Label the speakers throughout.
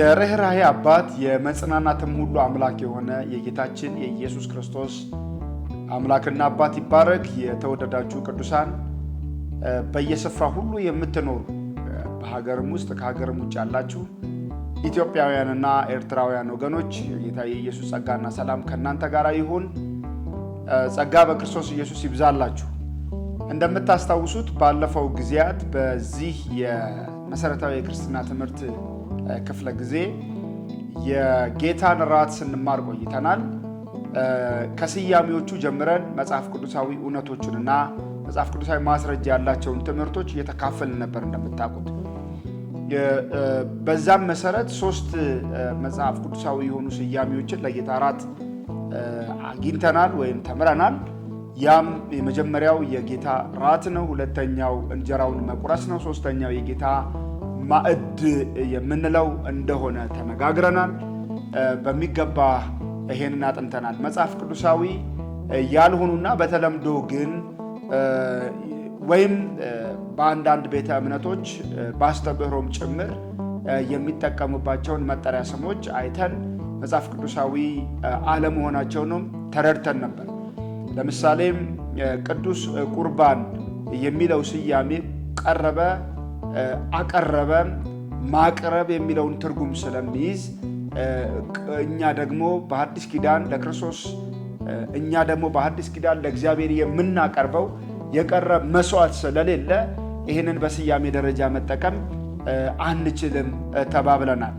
Speaker 1: የርኅራኄ አባት የመጽናናትም ሁሉ አምላክ የሆነ የጌታችን የኢየሱስ ክርስቶስ አምላክና አባት ይባረክ። የተወደዳችሁ ቅዱሳን በየስፍራ ሁሉ የምትኖሩ በሀገርም ውስጥ ከሀገርም ውጭ ያላችሁ ኢትዮጵያውያንና ኤርትራውያን ወገኖች ጌታ የኢየሱስ ጸጋና ሰላም ከእናንተ ጋር ይሁን። ጸጋ በክርስቶስ ኢየሱስ ይብዛላችሁ። እንደምታስታውሱት ባለፈው ጊዜያት በዚህ መሰረታዊ የክርስትና ትምህርት ክፍለ ጊዜ የጌታን ራት ስንማር ቆይተናል። ከስያሜዎቹ ጀምረን መጽሐፍ ቅዱሳዊ እውነቶችንና መጽሐፍ ቅዱሳዊ ማስረጃ ያላቸውን ትምህርቶች እየተካፈል ነበር እንደምታውቁት። በዛም መሰረት ሶስት መጽሐፍ ቅዱሳዊ የሆኑ ስያሜዎችን ለጌታ ራት አግኝተናል ወይም ተምረናል። ያም የመጀመሪያው የጌታ ራት ነው። ሁለተኛው እንጀራውን መቁረስ ነው። ሶስተኛው የጌታ ማዕድ የምንለው እንደሆነ ተነጋግረናል። በሚገባ ይሄንን አጥንተናል። መጽሐፍ ቅዱሳዊ ያልሆኑና በተለምዶ ግን ወይም በአንዳንድ ቤተ እምነቶች በአስተምህሮም ጭምር የሚጠቀሙባቸውን መጠሪያ ስሞች አይተን መጽሐፍ ቅዱሳዊ አለመሆናቸውንም ተረድተን ነበር። ለምሳሌም ቅዱስ ቁርባን የሚለው ስያሜ ቀረበ፣ አቀረበ፣ ማቅረብ የሚለውን ትርጉም ስለሚይዝ እኛ ደግሞ በአዲስ ኪዳን ለክርስቶስ እኛ ደግሞ በአዲስ ኪዳን ለእግዚአብሔር የምናቀርበው የቀረብ መስዋዕት ስለሌለ ይህንን በስያሜ ደረጃ መጠቀም አንችልም ተባብለናል።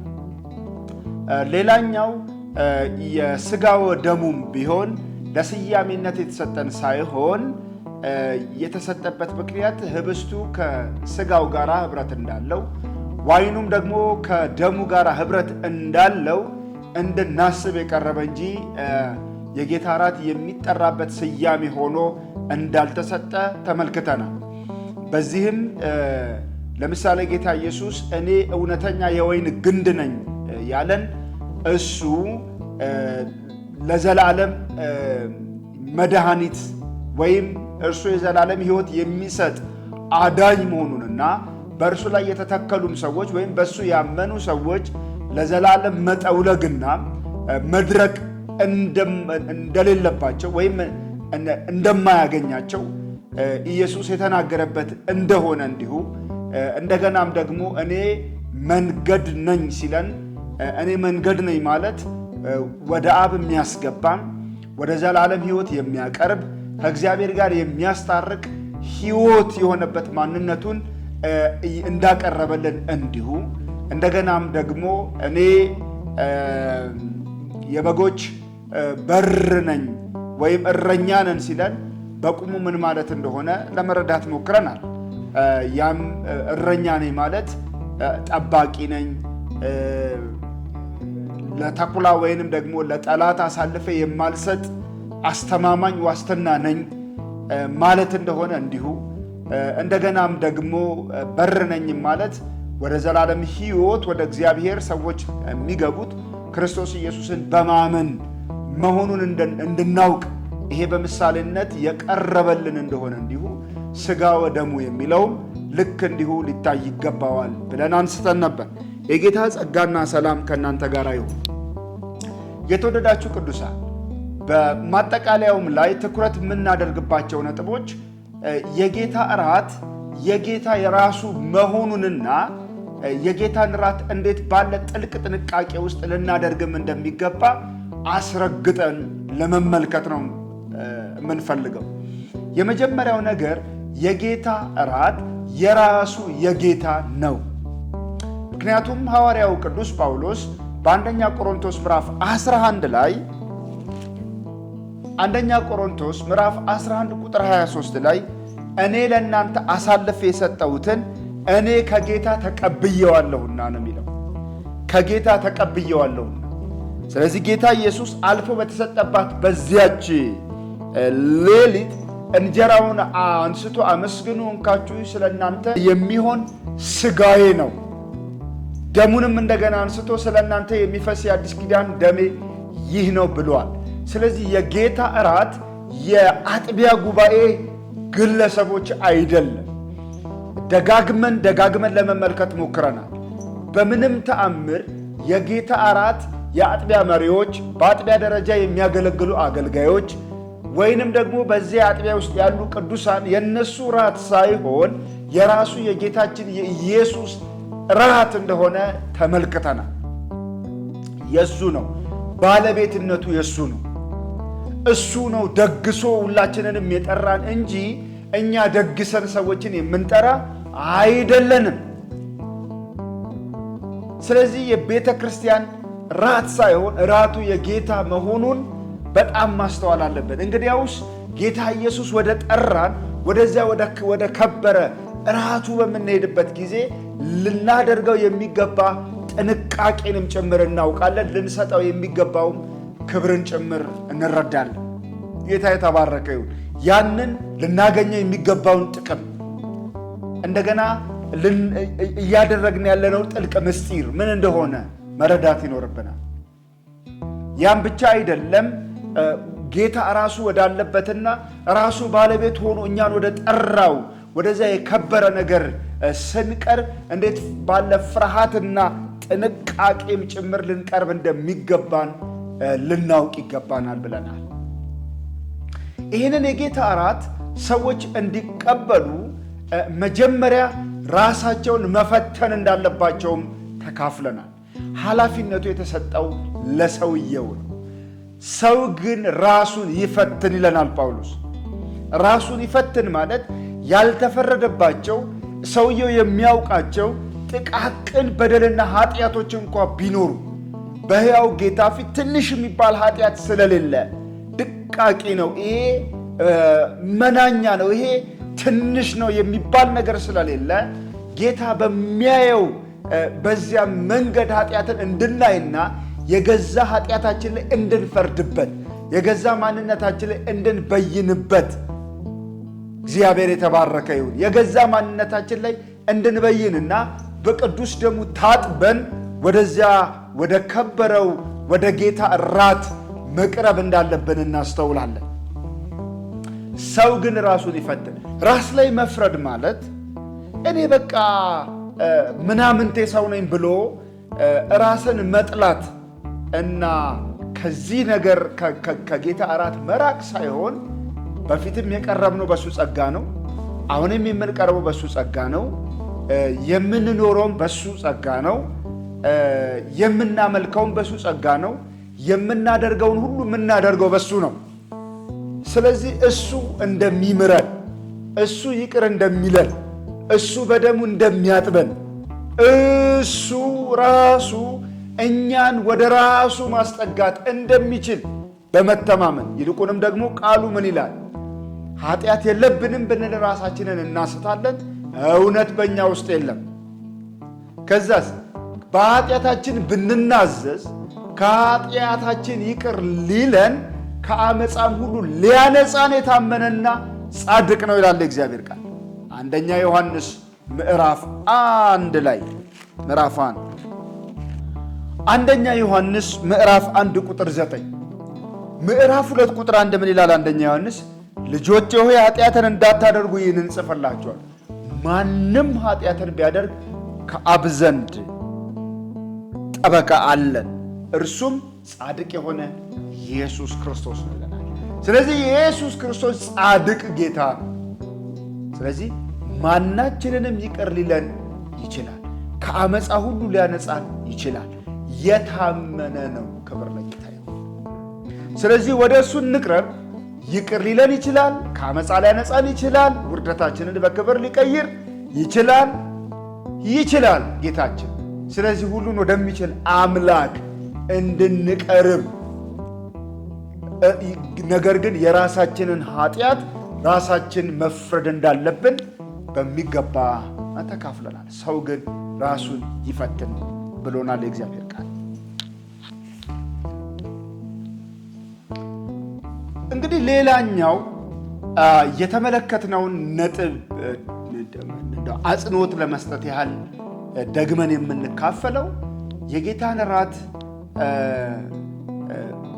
Speaker 1: ሌላኛው የስጋው ደሙም ቢሆን ለስያሜነት የተሰጠን ሳይሆን የተሰጠበት ምክንያት ህብስቱ ከስጋው ጋር ህብረት እንዳለው ዋይኑም ደግሞ ከደሙ ጋር ህብረት እንዳለው እንድናስብ የቀረበ እንጂ የጌታ እራት የሚጠራበት ስያሜ ሆኖ እንዳልተሰጠ ተመልክተናል። በዚህም ለምሳሌ ጌታ ኢየሱስ እኔ እውነተኛ የወይን ግንድ ነኝ ያለን እሱ ለዘላለም መድኃኒት ወይም እርሱ የዘላለም ሕይወት የሚሰጥ አዳኝ መሆኑንና በእርሱ ላይ የተተከሉም ሰዎች ወይም በእሱ ያመኑ ሰዎች ለዘላለም መጠውለግና መድረቅ እንደሌለባቸው ወይም እንደማያገኛቸው ኢየሱስ የተናገረበት እንደሆነ እንዲሁ እንደገናም ደግሞ እኔ መንገድ ነኝ ሲለን እኔ መንገድ ነኝ ማለት ወደ አብ የሚያስገባ ወደ ዘላለም ህይወት የሚያቀርብ ከእግዚአብሔር ጋር የሚያስታርቅ ህይወት የሆነበት ማንነቱን እንዳቀረበልን እንዲሁ እንደገናም ደግሞ እኔ የበጎች በር ነኝ ወይም እረኛ ነን ሲለን በቁሙ ምን ማለት እንደሆነ ለመረዳት ሞክረናል። ያም እረኛ ነኝ ማለት ጠባቂ ነኝ ለተኩላ ወይንም ደግሞ ለጠላት አሳልፈ የማልሰጥ አስተማማኝ ዋስትና ነኝ ማለት እንደሆነ እንዲሁ እንደገናም ደግሞ በር ነኝ ማለት ወደ ዘላለም ሕይወት ወደ እግዚአብሔር ሰዎች የሚገቡት ክርስቶስ ኢየሱስን በማመን መሆኑን እንድናውቅ ይሄ በምሳሌነት የቀረበልን እንደሆነ እንዲሁ ሥጋ ወደሙ የሚለውም ልክ እንዲሁ ሊታይ ይገባዋል ብለን አንስተን ነበር። የጌታ ጸጋና ሰላም ከእናንተ ጋር ይሁን። የተወደዳችሁ ቅዱሳን፣ በማጠቃለያውም ላይ ትኩረት የምናደርግባቸው ነጥቦች የጌታ እራት የጌታ የራሱ መሆኑንና የጌታን እራት እንዴት ባለ ጥልቅ ጥንቃቄ ውስጥ ልናደርግም እንደሚገባ አስረግጠን ለመመልከት ነው የምንፈልገው። የመጀመሪያው ነገር የጌታ እራት የራሱ የጌታ ነው። ምክንያቱም ሐዋርያው ቅዱስ ጳውሎስ በአንደኛ ቆሮንቶስ ምዕራፍ 11 ላይ አንደኛ ቆሮንቶስ ምዕራፍ 11 ቁጥር 23 ላይ እኔ ለእናንተ አሳልፍ የሰጠሁትን እኔ ከጌታ ተቀብየዋለሁና ነው የሚለው። ከጌታ ተቀብየዋለሁና። ስለዚህ ጌታ ኢየሱስ አልፎ በተሰጠባት በዚያች ሌሊት እንጀራውን አንስቶ አመስግኑ እንካችሁ ስለ እናንተ የሚሆን ስጋዬ ነው ደሙንም እንደገና አንስቶ ስለ እናንተ የሚፈስ የአዲስ ኪዳን ደሜ ይህ ነው ብሏል። ስለዚህ የጌታ እራት የአጥቢያ ጉባኤ ግለሰቦች አይደለም። ደጋግመን ደጋግመን ለመመልከት ሞክረናል። በምንም ተአምር የጌታ እራት የአጥቢያ መሪዎች፣ በአጥቢያ ደረጃ የሚያገለግሉ አገልጋዮች ወይንም ደግሞ በዚህ አጥቢያ ውስጥ ያሉ ቅዱሳን የእነሱ ራት ሳይሆን የራሱ የጌታችን የኢየሱስ ራት እንደሆነ ተመልክተናል። የእሱ ነው፣ ባለቤትነቱ የእሱ ነው። እሱ ነው ደግሶ ሁላችንንም የጠራን እንጂ እኛ ደግሰን ሰዎችን የምንጠራ አይደለንም። ስለዚህ የቤተ ክርስቲያን ራት ሳይሆን ራቱ የጌታ መሆኑን በጣም ማስተዋል አለበት። እንግዲያውስ ጌታ ኢየሱስ ወደ ጠራን ወደዚያ ወደ ከበረ ራቱ በምንሄድበት ጊዜ ልናደርገው የሚገባ ጥንቃቄንም ጭምር እናውቃለን። ልንሰጠው የሚገባውም ክብርን ጭምር እንረዳለን። ጌታ የተባረከ ይሁን። ያንን ልናገኘው የሚገባውን ጥቅም እንደገና እያደረግን ያለነው ጥልቅ ምስጢር ምን እንደሆነ መረዳት ይኖርብናል። ያም ብቻ አይደለም። ጌታ ራሱ ወዳለበትና ራሱ ባለቤት ሆኖ እኛን ወደ ጠራው ወደዚያ የከበረ ነገር ስንቀርብ እንዴት ባለ ፍርሃትና ጥንቃቄም ጭምር ልንቀርብ እንደሚገባን ልናውቅ ይገባናል ብለናል። ይህንን የጌታ እራት ሰዎች እንዲቀበሉ መጀመሪያ ራሳቸውን መፈተን እንዳለባቸውም ተካፍለናል። ኃላፊነቱ የተሰጠው ለሰውየው ነው። ሰው ግን ራሱን ይፈትን ይለናል ጳውሎስ። ራሱን ይፈትን ማለት ያልተፈረደባቸው ሰውየው የሚያውቃቸው ጥቃቅን በደልና ኃጢአቶች እንኳ ቢኖሩ በሕያው ጌታ ፊት ትንሽ የሚባል ኃጢአት ስለሌለ ድቃቂ ነው፣ ይሄ መናኛ ነው፣ ይሄ ትንሽ ነው የሚባል ነገር ስለሌለ ጌታ በሚያየው በዚያ መንገድ ኃጢአትን እንድናይና የገዛ ኃጢአታችን ላይ እንድንፈርድበት የገዛ ማንነታችን ላይ እንድንበይንበት እግዚአብሔር የተባረከ ይሁን። የገዛ ማንነታችን ላይ እንድንበይንና በቅዱስ ደሙ ታጥበን ወደዚያ ወደ ከበረው ወደ ጌታ እራት መቅረብ እንዳለብን እናስተውላለን። ሰው ግን ራሱን ይፈትን። ራስ ላይ መፍረድ ማለት እኔ በቃ ምናምንቴ ሰው ነኝ ብሎ ራስን መጥላት እና ከዚህ ነገር ከጌታ እራት መራቅ ሳይሆን በፊትም የቀረብነው በሱ ጸጋ ነው። አሁንም የምንቀርበው በሱ ጸጋ ነው። የምንኖረውም በሱ ጸጋ ነው። የምናመልከውም በሱ ጸጋ ነው። የምናደርገውን ሁሉ የምናደርገው በሱ ነው። ስለዚህ እሱ እንደሚምረን፣ እሱ ይቅር እንደሚለን፣ እሱ በደሙ እንደሚያጥበን፣ እሱ ራሱ እኛን ወደ ራሱ ማስጠጋት እንደሚችል በመተማመን ይልቁንም ደግሞ ቃሉ ምን ይላል? ኃጢአት የለብንም ብንል ራሳችንን እናስታለን። እውነት በእኛ ውስጥ የለም። ከዛስ በኃጢአታችን ብንናዘዝ ከኃጢአታችን ይቅር ሊለን ከአመፃም ሁሉ ሊያነፃን የታመነና ጻድቅ ነው ይላል እግዚአብሔር ቃል አንደኛ ዮሐንስ ምዕራፍ አንድ ላይ ምዕራፍ አንድ አንደኛ ዮሐንስ ምዕራፍ አንድ ቁጥር ዘጠኝ ምዕራፍ ሁለት ቁጥር አንድ ምን ይላል? አንደኛ ዮሐንስ ልጆች ሆይ ኃጢአትን እንዳታደርጉ ይህንን እንጽፍላችኋል። ማንም ኃጢአትን ቢያደርግ ከአብ ዘንድ ጠበቃ አለን፣ እርሱም ጻድቅ የሆነ ኢየሱስ ክርስቶስ ነው ይለናል። ስለዚህ ኢየሱስ ክርስቶስ ጻድቅ ጌታ ነው። ስለዚህ ማናችንንም ይቅር ሊለን ይችላል። ከአመፃ ሁሉ ሊያነጻን ይችላል። የታመነ ነው። ክብር ለጌታ። ስለዚህ ወደ እሱ እንቅረብ። ይቅር ሊለን ይችላል። ከአመፃ ሊያነጻን ይችላል። ውርደታችንን በክብር ሊቀይር ይችላል ይችላል ጌታችን። ስለዚህ ሁሉን ወደሚችል አምላክ እንድንቀርብ ነገር ግን የራሳችንን ኃጢአት ራሳችን መፍረድ እንዳለብን በሚገባ ተካፍለናል። ሰው ግን ራሱን ይፈትን ብሎናል የእግዚአብሔር ቃል። እንግዲህ ሌላኛው የተመለከትነውን ነጥብ አጽንኦት ለመስጠት ያህል ደግመን የምንካፈለው የጌታን እራት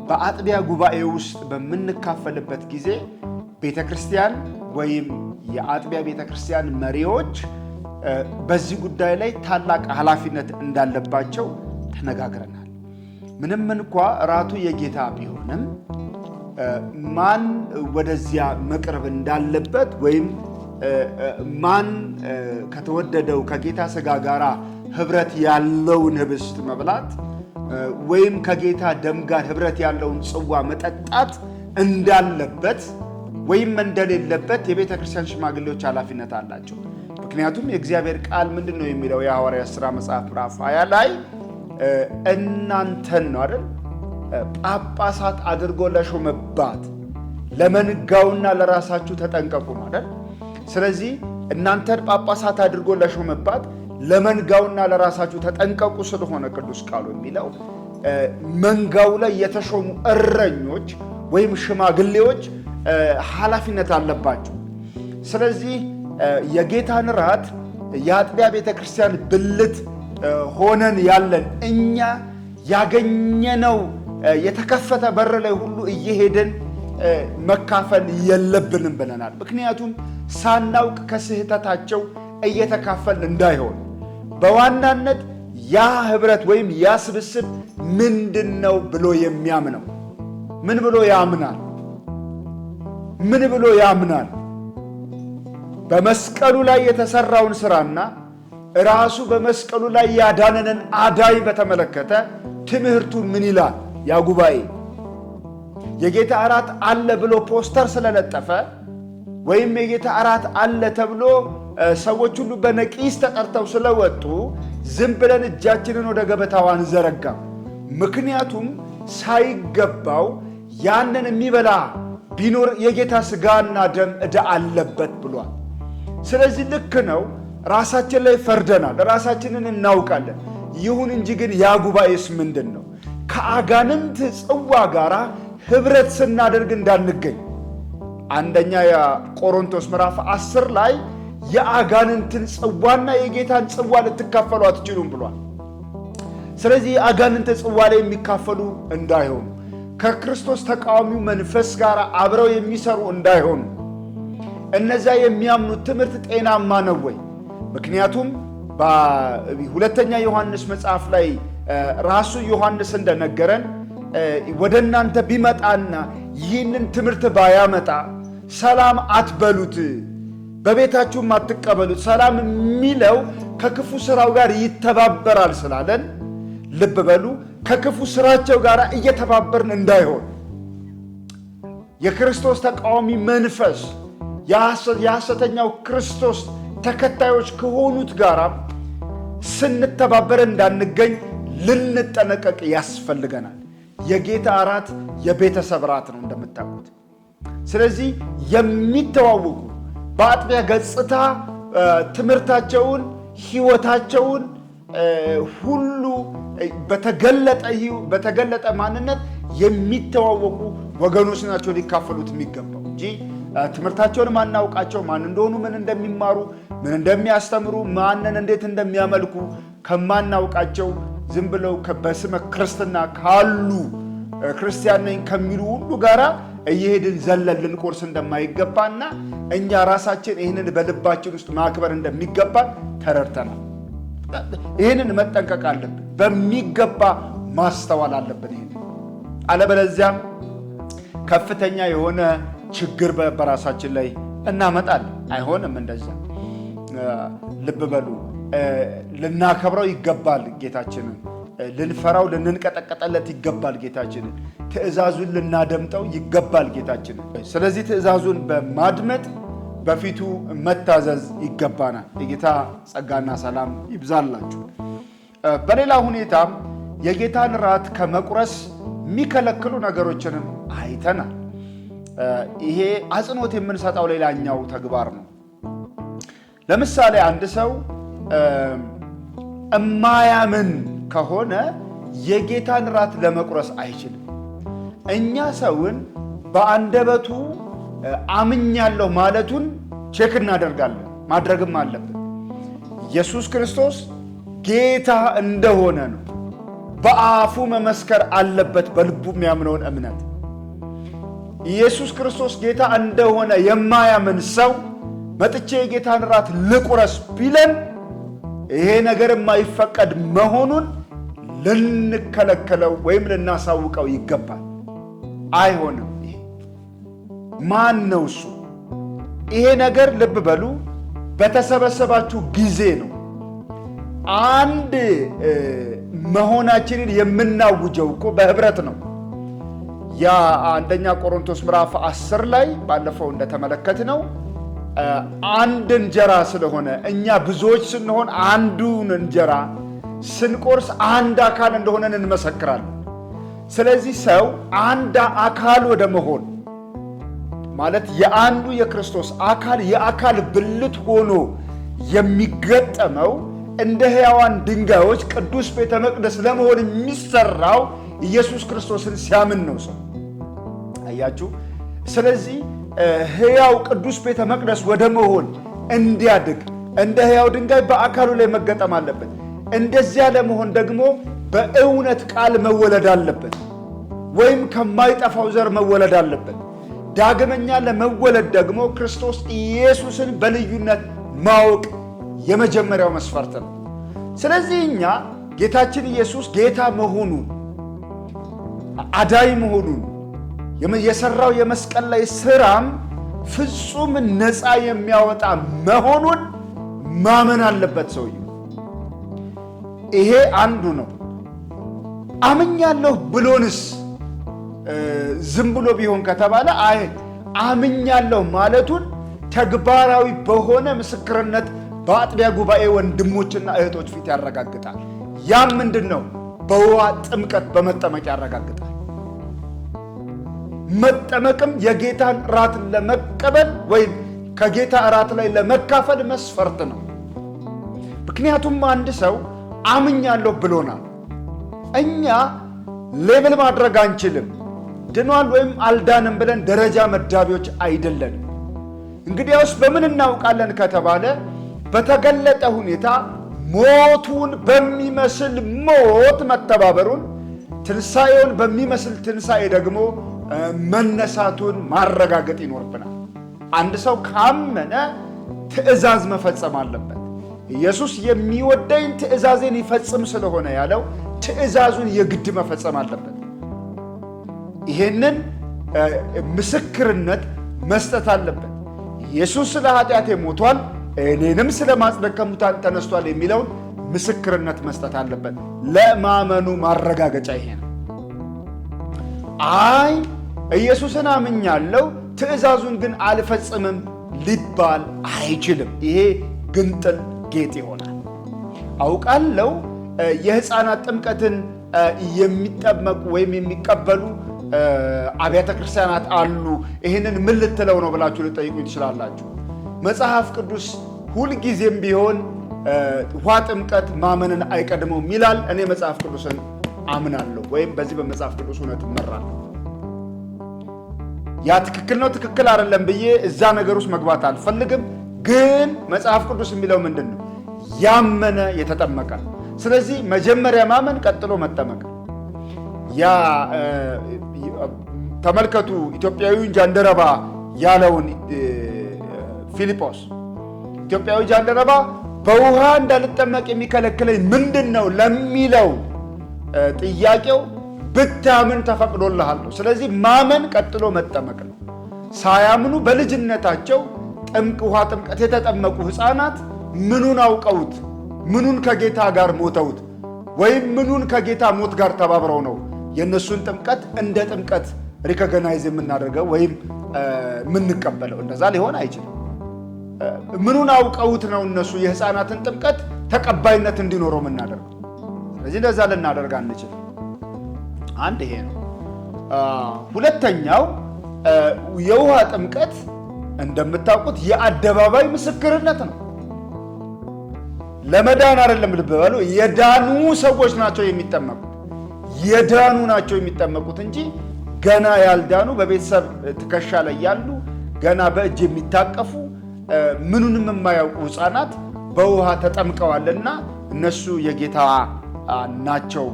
Speaker 1: በአጥቢያ ጉባኤ ውስጥ በምንካፈልበት ጊዜ ቤተ ክርስቲያን ወይም የአጥቢያ ቤተ ክርስቲያን መሪዎች በዚህ ጉዳይ ላይ ታላቅ ኃላፊነት እንዳለባቸው ተነጋግረናል። ምንም እንኳ እራቱ የጌታ ቢሆንም ማን ወደዚያ መቅረብ እንዳለበት ወይም ማን ከተወደደው ከጌታ ስጋ ጋር ህብረት ያለውን ህብስት መብላት ወይም ከጌታ ደም ጋር ህብረት ያለውን ጽዋ መጠጣት እንዳለበት ወይም እንደሌለበት የቤተ ክርስቲያን ሽማግሌዎች ኃላፊነት አላቸው። ምክንያቱም የእግዚአብሔር ቃል ምንድን ነው የሚለው የሐዋርያ ሥራ መጽሐፍ ምዕራፍ 20 ላይ እናንተን ነው አይደል ጳጳሳት አድርጎ ለሾመባት ለመንጋውና ለራሳችሁ ተጠንቀቁ ማለት ስለዚህ እናንተን ጳጳሳት አድርጎ ለሾመባት ለመንጋውና ለራሳችሁ ተጠንቀቁ ስለሆነ ቅዱስ ቃሉ የሚለው መንጋው ላይ የተሾሙ እረኞች ወይም ሽማግሌዎች ኃላፊነት አለባቸው። ስለዚህ የጌታን ራት የአጥቢያ ቤተ ክርስቲያን ብልት ሆነን ያለን እኛ ያገኘነው የተከፈተ በር ላይ ሁሉ እየሄደን መካፈል የለብንም ብለናል። ምክንያቱም ሳናውቅ ከስህተታቸው እየተካፈል እንዳይሆን በዋናነት ያ ህብረት ወይም ያ ስብስብ ምንድን ነው ብሎ የሚያምነው ምን ብሎ ያምናል? ምን ብሎ ያምናል? በመስቀሉ ላይ የተሰራውን ስራና ራሱ በመስቀሉ ላይ ያዳነንን አዳይ በተመለከተ ትምህርቱ ምን ይላል? ያ ጉባኤ የጌታ እራት አለ ብሎ ፖስተር ስለለጠፈ ወይም የጌታ እራት አለ ተብሎ ሰዎች ሁሉ በነቂስ ተጠርተው ስለወጡ ዝም ብለን እጃችንን ወደ ገበታው አንዘረጋም። ምክንያቱም ሳይገባው ያንን የሚበላ ቢኖር የጌታ ስጋና ደም ዕዳ አለበት ብሏል። ስለዚህ ልክ ነው፣ ራሳችን ላይ ፈርደናል፣ ራሳችንን እናውቃለን። ይሁን እንጂ ግን ያ ጉባኤስ ምንድን ነው? ከአጋንንት ጽዋ ጋር ህብረት ስናደርግ እንዳንገኝ አንደኛ የቆሮንቶስ ምዕራፍ አስር ላይ የአጋንንትን ጽዋና የጌታን ጽዋ ልትካፈሉ አትችሉም ብሏል። ስለዚህ የአጋንንት ጽዋ ላይ የሚካፈሉ እንዳይሆኑ፣ ከክርስቶስ ተቃዋሚው መንፈስ ጋር አብረው የሚሰሩ እንዳይሆኑ። እነዚያ የሚያምኑት ትምህርት ጤናማ ነው ወይ? ምክንያቱም በሁለተኛ ዮሐንስ መጽሐፍ ላይ ራሱ ዮሐንስ እንደነገረን ወደ እናንተ ቢመጣና ይህንን ትምህርት ባያመጣ ሰላም አትበሉት፣ በቤታችሁም አትቀበሉት። ሰላም የሚለው ከክፉ ስራው ጋር ይተባበራል ስላለን ልብ በሉ። ከክፉ ስራቸው ጋር እየተባበርን እንዳይሆን የክርስቶስ ተቃዋሚ መንፈስ የሐሰተኛው ክርስቶስ ተከታዮች ከሆኑት ጋራ ስንተባበር እንዳንገኝ ልንጠነቀቅ ያስፈልገናል። የጌታ እራት የቤተሰብ እራት ነው እንደምታውቁት። ስለዚህ የሚተዋወቁ በአጥቢያ ገጽታ ትምህርታቸውን፣ ህይወታቸውን ሁሉ በተገለጠ ማንነት የሚተዋወቁ ወገኖች ናቸው ሊካፈሉት የሚገባው እንጂ ትምህርታቸውን ማናውቃቸው ማን እንደሆኑ፣ ምን እንደሚማሩ፣ ምን እንደሚያስተምሩ፣ ማንን እንዴት እንደሚያመልኩ ከማናውቃቸው ዝም ብለው በስመ ክርስትና ካሉ ክርስቲያን ነኝ ከሚሉ ሁሉ ጋራ እየሄድን ዘለን ልንቆርስ እንደማይገባና እኛ ራሳችን ይህንን በልባችን ውስጥ ማክበር እንደሚገባን ተረድተናል። ይህንን መጠንቀቅ አለብን፣ በሚገባ ማስተዋል አለብን። ይህን አለበለዚያም ከፍተኛ የሆነ ችግር በራሳችን ላይ እናመጣለን። አይሆንም እንደዚያ ልብ በሉ ልናከብረው ይገባል ጌታችንን። ልንፈራው ልንንቀጠቀጠለት ይገባል ጌታችንን። ትእዛዙን ልናደምጠው ይገባል ጌታችንን። ስለዚህ ትእዛዙን በማድመጥ በፊቱ መታዘዝ ይገባናል። የጌታ ጸጋና ሰላም ይብዛላችሁ። በሌላ ሁኔታ የጌታን ራት ከመቁረስ የሚከለክሉ ነገሮችንም አይተናል። ይሄ አጽንኦት የምንሰጠው ሌላኛው ተግባር ነው። ለምሳሌ አንድ ሰው እማያምን ከሆነ የጌታን ራት ለመቁረስ አይችልም። እኛ ሰውን በአንደበቱ አምኛለሁ ማለቱን ቼክ እናደርጋለን፣ ማድረግም አለብን። ኢየሱስ ክርስቶስ ጌታ እንደሆነ ነው። በአፉ መመስከር አለበት፣ በልቡ የሚያምነውን እምነት። ኢየሱስ ክርስቶስ ጌታ እንደሆነ የማያምን ሰው መጥቼ የጌታን ራት ልቁረስ ቢለን ይሄ ነገር የማይፈቀድ መሆኑን ልንከለከለው ወይም ልናሳውቀው ይገባል። አይሆንም። ይሄ ማን ነው እሱ? ይሄ ነገር ልብ በሉ፣ በተሰበሰባችሁ ጊዜ ነው አንድ መሆናችንን የምናውጀው እኮ በህብረት ነው። ያ አንደኛ ቆሮንቶስ ምዕራፍ አስር ላይ ባለፈው እንደተመለከት ነው አንድ እንጀራ ስለሆነ እኛ ብዙዎች ስንሆን አንዱን እንጀራ ስንቆርስ አንድ አካል እንደሆነን እንመሰክራለን። ስለዚህ ሰው አንድ አካል ወደ መሆን ማለት የአንዱ የክርስቶስ አካል የአካል ብልት ሆኖ የሚገጠመው እንደ ሕያዋን ድንጋዮች ቅዱስ ቤተ መቅደስ ለመሆን የሚሰራው ኢየሱስ ክርስቶስን ሲያምን ነው ሰው አያችሁ። ስለዚህ ሕያው ቅዱስ ቤተ መቅደስ ወደ መሆን እንዲያድግ እንደ ሕያው ድንጋይ በአካሉ ላይ መገጠም አለበት። እንደዚያ ለመሆን ደግሞ በእውነት ቃል መወለድ አለበት፣ ወይም ከማይጠፋው ዘር መወለድ አለበት። ዳግመኛ ለመወለድ ደግሞ ክርስቶስ ኢየሱስን በልዩነት ማወቅ የመጀመሪያው መስፈርት ነው። ስለዚህ እኛ ጌታችን ኢየሱስ ጌታ መሆኑን አዳይ መሆኑን የሰራው የመስቀል ላይ ስራም ፍጹም ነፃ የሚያወጣ መሆኑን ማመን አለበት ሰውየው። ይሄ አንዱ ነው። አምኛለሁ ብሎንስ ዝም ብሎ ቢሆን ከተባለ አይ አምኛለሁ ማለቱን ተግባራዊ በሆነ ምስክርነት በአጥቢያ ጉባኤ ወንድሞችና እህቶች ፊት ያረጋግጣል። ያም ምንድን ነው? በውሃ ጥምቀት በመጠመቅ ያረጋግጣል። መጠመቅም የጌታን እራት ለመቀበል ወይም ከጌታ እራት ላይ ለመካፈል መስፈርት ነው። ምክንያቱም አንድ ሰው አምኛለሁ ብሎናል። እኛ ሌብል ማድረግ አንችልም። ድኗል ወይም አልዳንም ብለን ደረጃ መዳቢዎች አይደለንም። እንግዲያውስ በምን እናውቃለን ከተባለ በተገለጠ ሁኔታ ሞቱን በሚመስል ሞት መተባበሩን፣ ትንሣኤውን በሚመስል ትንሣኤ ደግሞ መነሳቱን ማረጋገጥ ይኖርብናል። አንድ ሰው ካመነ ትዕዛዝ መፈጸም አለበት። ኢየሱስ የሚወደኝ ትዕዛዜን ይፈጽም ስለሆነ ያለው ትዕዛዙን የግድ መፈጸም አለበት። ይሄንን ምስክርነት መስጠት አለበት። ኢየሱስ ስለ ኃጢአቴ ሞቷል፣ እኔንም ስለ ማጽደቅ ከሙታን ተነስቷል የሚለውን ምስክርነት መስጠት አለበት። ለማመኑ ማረጋገጫ ይሄ ነው። አይ ኢየሱስን አምኛለሁ ትእዛዙን ግን አልፈጽምም ሊባል አይችልም። ይሄ ግንጥል ጌጥ ይሆናል። አውቃለሁ የሕፃናት ጥምቀትን የሚጠመቁ ወይም የሚቀበሉ አብያተ ክርስቲያናት አሉ። ይህንን ምን ልትለው ነው ብላችሁ ልጠይቁ ትችላላችሁ። መጽሐፍ ቅዱስ ሁልጊዜም ቢሆን ውሃ ጥምቀት ማመንን አይቀድመውም ይላል። እኔ መጽሐፍ ቅዱስን አምናለሁ። ወይም በዚህ በመጽሐፍ ቅዱስ እውነት እመራለሁ። ያ ትክክል ነው ትክክል አይደለም ብዬ እዛ ነገር ውስጥ መግባት አልፈልግም። ግን መጽሐፍ ቅዱስ የሚለው ምንድን ነው? ያመነ የተጠመቀ። ስለዚህ መጀመሪያ ማመን፣ ቀጥሎ መጠመቅ። ያ ተመልከቱ፣ ኢትዮጵያዊውን ጃንደረባ ያለውን ፊልጶስ ኢትዮጵያዊ ጃንደረባ በውሃ እንዳልጠመቅ የሚከለክለኝ ምንድን ነው ለሚለው ጥያቄው ብታምን ተፈቅዶልሃል ስለዚህ ማመን ቀጥሎ መጠመቅ ነው። ሳያምኑ በልጅነታቸው ጥምቅ ውሃ ጥምቀት የተጠመቁ ሕፃናት ምኑን አውቀውት ምኑን ከጌታ ጋር ሞተውት ወይም ምኑን ከጌታ ሞት ጋር ተባብረው ነው የእነሱን ጥምቀት እንደ ጥምቀት ሪከገናይዝ የምናደርገው ወይም የምንቀበለው? እንደዛ ሊሆን አይችልም። ምኑን አውቀውት ነው እነሱ የሕፃናትን ጥምቀት ተቀባይነት እንዲኖረው የምናደርገው? እዚህ እንደዛ ልናደርግ አንችል። አንድ ይሄ ነው። ሁለተኛው የውሃ ጥምቀት እንደምታውቁት የአደባባይ ምስክርነት ነው። ለመዳን አይደለም፣ ልብ በሉ። የዳኑ ሰዎች ናቸው የሚጠመቁት፣ የዳኑ ናቸው የሚጠመቁት እንጂ ገና ያልዳኑ በቤተሰብ ትከሻ ላይ ያሉ ገና በእጅ የሚታቀፉ ምኑንም የማያውቁ ህፃናት በውሃ ተጠምቀዋልና እነሱ የጌታ ናቸው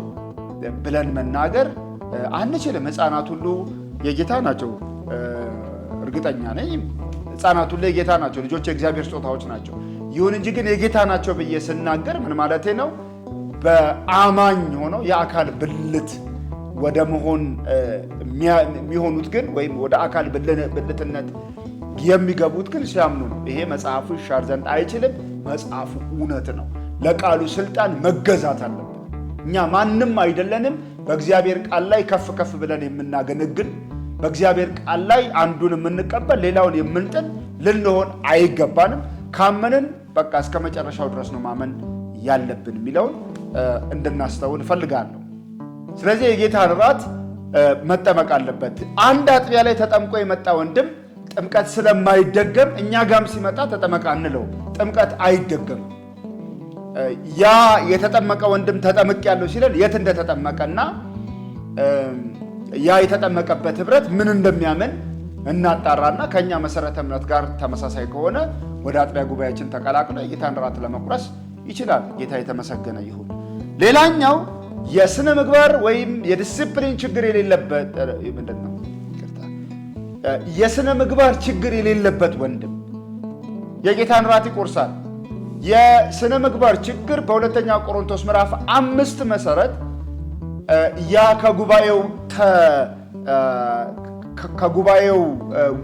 Speaker 1: ብለን መናገር አንችልም። ህፃናት ሁሉ የጌታ ናቸው፣ እርግጠኛ ነኝ። ህፃናት ሁሉ የጌታ ናቸው። ልጆች የእግዚአብሔር ስጦታዎች ናቸው። ይሁን እንጂ ግን የጌታ ናቸው ብዬ ስናገር ምን ማለቴ ነው? በአማኝ ሆነው የአካል ብልት ወደ መሆን የሚሆኑት ግን ወይም ወደ አካል ብልትነት የሚገቡት ግን ሲያምኑ ነው። ይሄ መጽሐፉ ይሻር ዘንድ አይችልም። መጽሐፉ እውነት ነው። ለቃሉ ስልጣን መገዛት አለ እኛ ማንም አይደለንም። በእግዚአብሔር ቃል ላይ ከፍ ከፍ ብለን የምናገነግን፣ በእግዚአብሔር ቃል ላይ አንዱን የምንቀበል ሌላውን የምንጥል ልንሆን አይገባንም። ካመንን በቃ እስከ መጨረሻው ድረስ ነው ማመን ያለብን የሚለውን እንድናስተውል እፈልጋለሁ። ስለዚህ የጌታን እራት መጠመቅ አለበት። አንድ አጥቢያ ላይ ተጠምቆ የመጣ ወንድም ጥምቀት ስለማይደገም እኛ ጋም ሲመጣ ተጠመቅ አንለው። ጥምቀት አይደገምም። ያ የተጠመቀ ወንድም ተጠምቅ ያለው ሲለን የት እንደተጠመቀና ያ የተጠመቀበት ህብረት ምን እንደሚያምን እናጣራና ከእኛ መሰረተ እምነት ጋር ተመሳሳይ ከሆነ ወደ አጥቢያ ጉባኤያችን ተቀላቅሎ ጌታን ራት ለመቁረስ ይችላል። ጌታ የተመሰገነ ይሁን። ሌላኛው የስነ ምግባር ወይም የዲስፕሊን ችግር የሌለበት ምንድን ነው? የስነ ምግባር ችግር የሌለበት ወንድም የጌታን ራት ይቆርሳል። የስነ ምግባር ችግር በሁለተኛ ቆሮንቶስ ምዕራፍ አምስት መሰረት ያ ከጉባኤው ከጉባኤው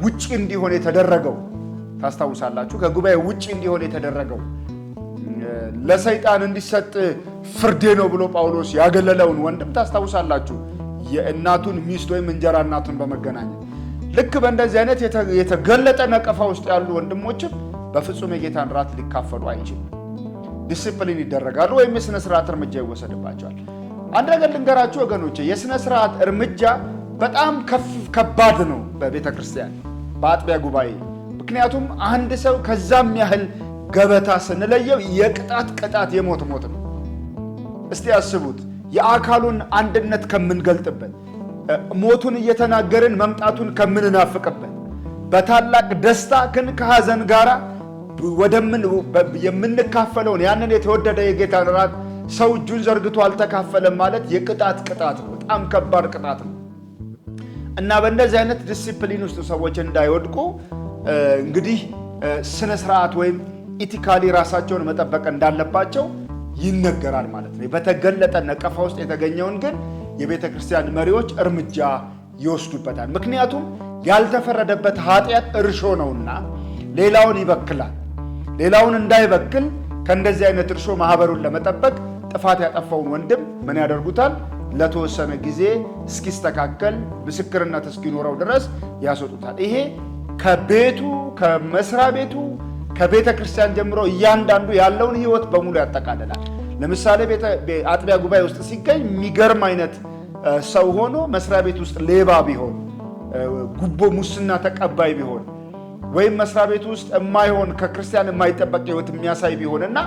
Speaker 1: ውጭ እንዲሆን የተደረገው ታስታውሳላችሁ። ከጉባኤው ውጭ እንዲሆን የተደረገው ለሰይጣን እንዲሰጥ ፍርዴ ነው ብሎ ጳውሎስ ያገለለውን ወንድም ታስታውሳላችሁ። የእናቱን ሚስት ወይም እንጀራ እናቱን በመገናኘት ልክ በእንደዚህ አይነት የተገለጠ ነቀፋ ውስጥ ያሉ ወንድሞችም በፍጹም የጌታን ራት ሊካፈሉ አይችሉም። ዲስፕሊን ይደረጋሉ ወይም የሥነ ሥርዓት እርምጃ ይወሰድባቸዋል። አንድ ነገር ልንገራችሁ ወገኖቼ፣ የሥነ ሥርዓት እርምጃ በጣም ከባድ ነው በቤተ ክርስቲያን፣ በአጥቢያ ጉባኤ። ምክንያቱም አንድ ሰው ከዛም ያህል ገበታ ስንለየው የቅጣት ቅጣት የሞት ሞት ነው። እስቲ አስቡት የአካሉን አንድነት ከምንገልጥበት ሞቱን እየተናገርን መምጣቱን ከምንናፍቅበት በታላቅ ደስታ ግን ከሐዘን ጋር ወደምን የምንካፈለውን ያንን የተወደደ የጌታ ራት ሰው እጁን ዘርግቶ አልተካፈለም ማለት የቅጣት ቅጣት ነው። በጣም ከባድ ቅጣት ነው እና በእንደዚህ አይነት ዲሲፕሊን ውስጥ ሰዎች እንዳይወድቁ እንግዲህ ስነ ስርዓት ወይም ኢቲካሊ ራሳቸውን መጠበቅ እንዳለባቸው ይነገራል ማለት ነው። በተገለጠ ነቀፋ ውስጥ የተገኘውን ግን የቤተ ክርስቲያን መሪዎች እርምጃ ይወስዱበታል። ምክንያቱም ያልተፈረደበት ኃጢአት እርሾ ነውና ሌላውን ይበክላል። ሌላውን እንዳይበክል ከእንደዚህ አይነት እርሾ ማህበሩን ለመጠበቅ ጥፋት ያጠፋውን ወንድም ምን ያደርጉታል? ለተወሰነ ጊዜ እስኪስተካከል ምስክርነት እስኪኖረው ድረስ ያስወጡታል። ይሄ ከቤቱ ከመስሪያ ቤቱ ከቤተ ክርስቲያን ጀምሮ እያንዳንዱ ያለውን ህይወት በሙሉ ያጠቃልላል። ለምሳሌ አጥቢያ ጉባኤ ውስጥ ሲገኝ የሚገርም አይነት ሰው ሆኖ መስሪያ ቤት ውስጥ ሌባ ቢሆን፣ ጉቦ ሙስና ተቀባይ ቢሆን ወይም መስሪያ ቤት ውስጥ የማይሆን ከክርስቲያን የማይጠበቅ ህይወት የሚያሳይ ቢሆንና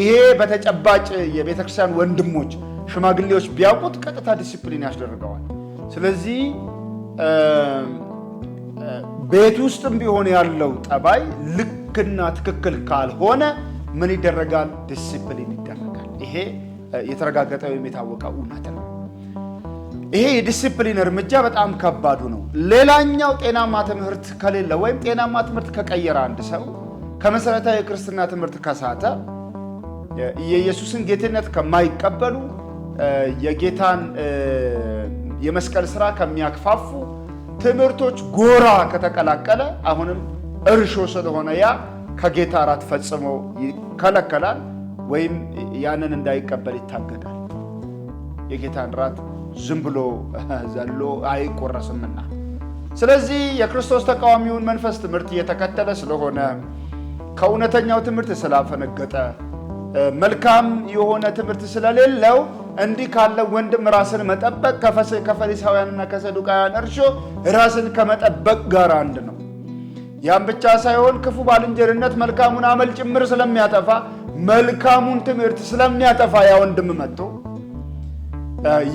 Speaker 1: ይሄ በተጨባጭ የቤተክርስቲያን ወንድሞች ሽማግሌዎች ቢያውቁት ቀጥታ ዲሲፕሊን ያስደርገዋል። ስለዚህ ቤት ውስጥም ቢሆን ያለው ጠባይ ልክና ትክክል ካልሆነ ምን ይደረጋል? ዲሲፕሊን ይደረጋል። ይሄ የተረጋገጠ ወይም የታወቀ እውነት ነው። ይሄ የዲሲፕሊን እርምጃ በጣም ከባዱ ነው። ሌላኛው ጤናማ ትምህርት ከሌለ ወይም ጤናማ ትምህርት ከቀየረ አንድ ሰው ከመሰረታዊ የክርስትና ትምህርት ከሳተ የኢየሱስን ጌትነት ከማይቀበሉ የጌታን የመስቀል ስራ ከሚያክፋፉ ትምህርቶች ጎራ ከተቀላቀለ አሁንም እርሾ ስለሆነ ያ ከጌታ እራት ፈጽሞ ይከለከላል፣ ወይም ያንን እንዳይቀበል ይታገዳል የጌታን እራት ዝም ብሎ ዘሎ አይቆረስምና። ስለዚህ የክርስቶስ ተቃዋሚውን መንፈስ ትምህርት እየተከተለ ስለሆነ ከእውነተኛው ትምህርት ስላፈነገጠ መልካም የሆነ ትምህርት ስለሌለው እንዲህ ካለ ወንድም ራስን መጠበቅ ከፈሪሳውያንና ከሰዱቃውያን እርሾ ራስን ከመጠበቅ ጋር አንድ ነው። ያም ብቻ ሳይሆን ክፉ ባልንጀርነት መልካሙን አመል ጭምር ስለሚያጠፋ መልካሙን ትምህርት ስለሚያጠፋ ያ ወንድም መጥቶ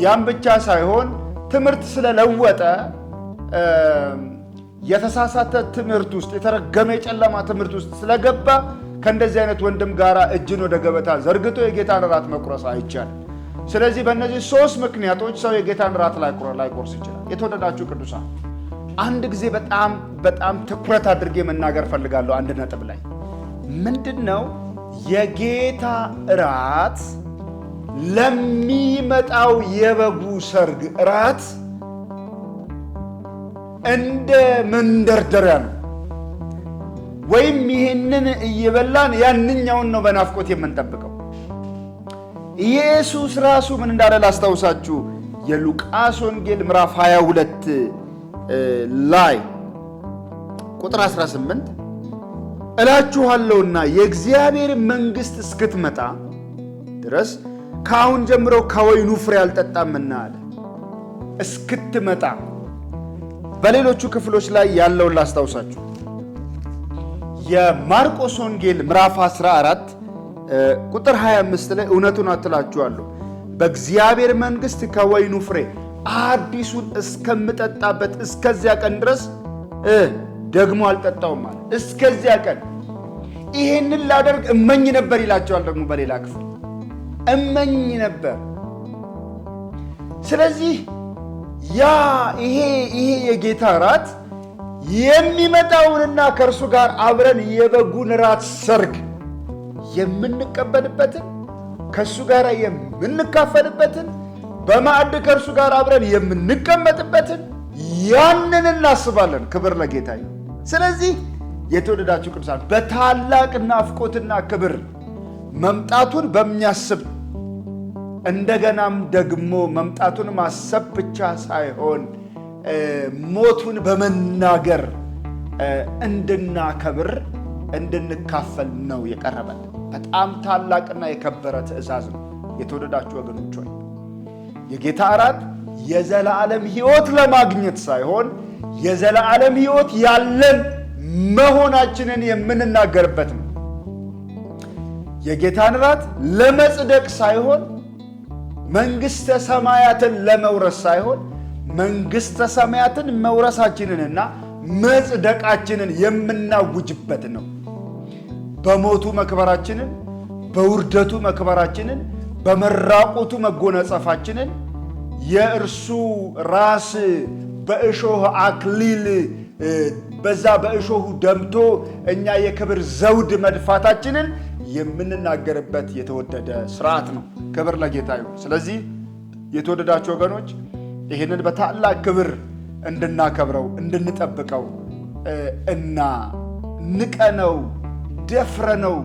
Speaker 1: ያም ብቻ ሳይሆን ትምህርት ስለለወጠ የተሳሳተ ትምህርት ውስጥ የተረገመ የጨለማ ትምህርት ውስጥ ስለገባ ከእንደዚህ አይነት ወንድም ጋር እጅን ወደ ገበታ ዘርግቶ የጌታን ራት መቁረስ አይቻልም። ስለዚህ በእነዚህ ሶስት ምክንያቶች ሰው የጌታን ራት ላይቆርስ ይችላል። የተወደዳችሁ ቅዱሳን፣ አንድ ጊዜ በጣም በጣም ትኩረት አድርጌ መናገር ፈልጋለሁ አንድ ነጥብ ላይ ምንድን ነው የጌታ እራት ለሚመጣው የበጉ ሰርግ እራት እንደ መንደርደሪያ ነው። ወይም ይህንን እየበላን ያንኛውን ነው በናፍቆት የምንጠብቀው። ኢየሱስ ራሱ ምን እንዳለ ላስታውሳችሁ። የሉቃስ ወንጌል ምዕራፍ 22 ላይ ቁጥር 18 እላችኋለሁና የእግዚአብሔር መንግሥት እስክትመጣ ድረስ ከአሁን ጀምሮ ከወይኑ ፍሬ አልጠጣምና አለ እስክትመጣ። በሌሎቹ ክፍሎች ላይ ያለውን ላስታውሳችሁ። የማርቆስ ወንጌል ምዕራፍ 14 ቁጥር 25 ላይ እውነቱን አትላችኋለሁ በእግዚአብሔር መንግሥት ከወይኑ ፍሬ አዲሱን እስከምጠጣበት እስከዚያ ቀን ድረስ ደግሞ አልጠጣውም አለ። እስከዚያ ቀን ይሄንን ላደርግ እመኝ ነበር ይላቸዋል ደግሞ በሌላ ክፍል እመኝ ነበር። ስለዚህ ያ ይሄ ይሄ የጌታ ራት የሚመጣውንና ከእርሱ ጋር አብረን የበጉን ራት ሰርግ የምንቀበልበትን ከእሱ ጋር የምንካፈልበትን በማዕድ ከእርሱ ጋር አብረን የምንቀመጥበትን ያንን እናስባለን። ክብር ለጌታ። ስለዚህ የተወደዳችሁ ቅዱሳን በታላቅ ናፍቆትና ክብር መምጣቱን በሚያስብ እንደገናም ደግሞ መምጣቱን ማሰብ ብቻ ሳይሆን ሞቱን በመናገር እንድናከብር እንድንካፈል ነው የቀረበል። በጣም ታላቅና የከበረ ትእዛዝ ነው። የተወደዳችሁ ወገኖች ሆይ የጌታ እራት የዘላለም ሕይወት ለማግኘት ሳይሆን የዘላለም ሕይወት ያለን መሆናችንን የምንናገርበት ነው። የጌታን ራት ለመጽደቅ ሳይሆን መንግሥተ ሰማያትን ለመውረስ ሳይሆን መንግሥተ ሰማያትን መውረሳችንንና መጽደቃችንን የምናውጅበት ነው። በሞቱ መክበራችንን፣ በውርደቱ መክበራችንን፣ በመራቆቱ መጎናጸፋችንን የእርሱ ራስ በእሾህ አክሊል በዛ በእሾሁ ደምቶ እኛ የክብር ዘውድ መድፋታችንን የምንናገርበት የተወደደ ስርዓት ነው። ክብር ለጌታ ይሁን። ስለዚህ የተወደዳችሁ ወገኖች ይህንን በታላቅ ክብር እንድናከብረው እንድንጠብቀው እና ንቀነው ደፍረነው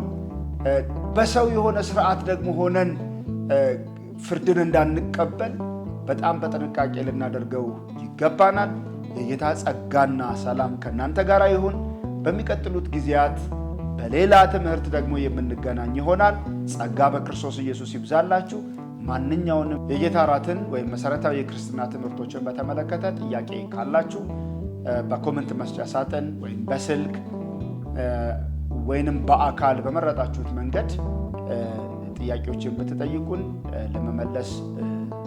Speaker 1: በሰው የሆነ ስርዓት ደግሞ ሆነን ፍርድን እንዳንቀበል በጣም በጥንቃቄ ልናደርገው ይገባናል። የጌታ ጸጋና ሰላም ከእናንተ ጋር ይሁን። በሚቀጥሉት ጊዜያት በሌላ ትምህርት ደግሞ የምንገናኝ ይሆናል። ጸጋ በክርስቶስ ኢየሱስ ይብዛላችሁ። ማንኛውንም የጌታ እራትን ወይም መሰረታዊ የክርስትና ትምህርቶችን በተመለከተ ጥያቄ ካላችሁ በኮመንት መስጫ ሳጥን ወይም በስልክ ወይንም በአካል በመረጣችሁት መንገድ ጥያቄዎችን ብትጠይቁን ለመመለስ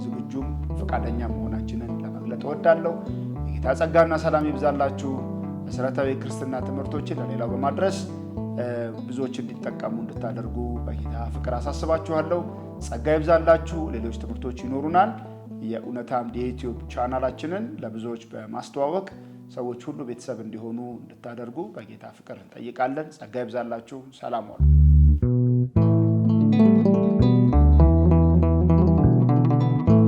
Speaker 1: ዝግጁም ፈቃደኛ መሆናችንን ለመግለጥ እወዳለሁ። የጌታ ጸጋና ሰላም ይብዛላችሁ። መሰረታዊ የክርስትና ትምህርቶችን ለሌላው በማድረስ ብዙዎች እንዲጠቀሙ እንድታደርጉ በጌታ ፍቅር አሳስባችኋለሁ። ጸጋ ይብዛላችሁ። ሌሎች ትምህርቶች ይኖሩናል። የእውነታም የዩትዩብ ቻናላችንን ለብዙዎች በማስተዋወቅ ሰዎች ሁሉ ቤተሰብ እንዲሆኑ እንድታደርጉ በጌታ ፍቅር እንጠይቃለን። ጸጋ ይብዛላችሁ። ሰላም ዋሉ።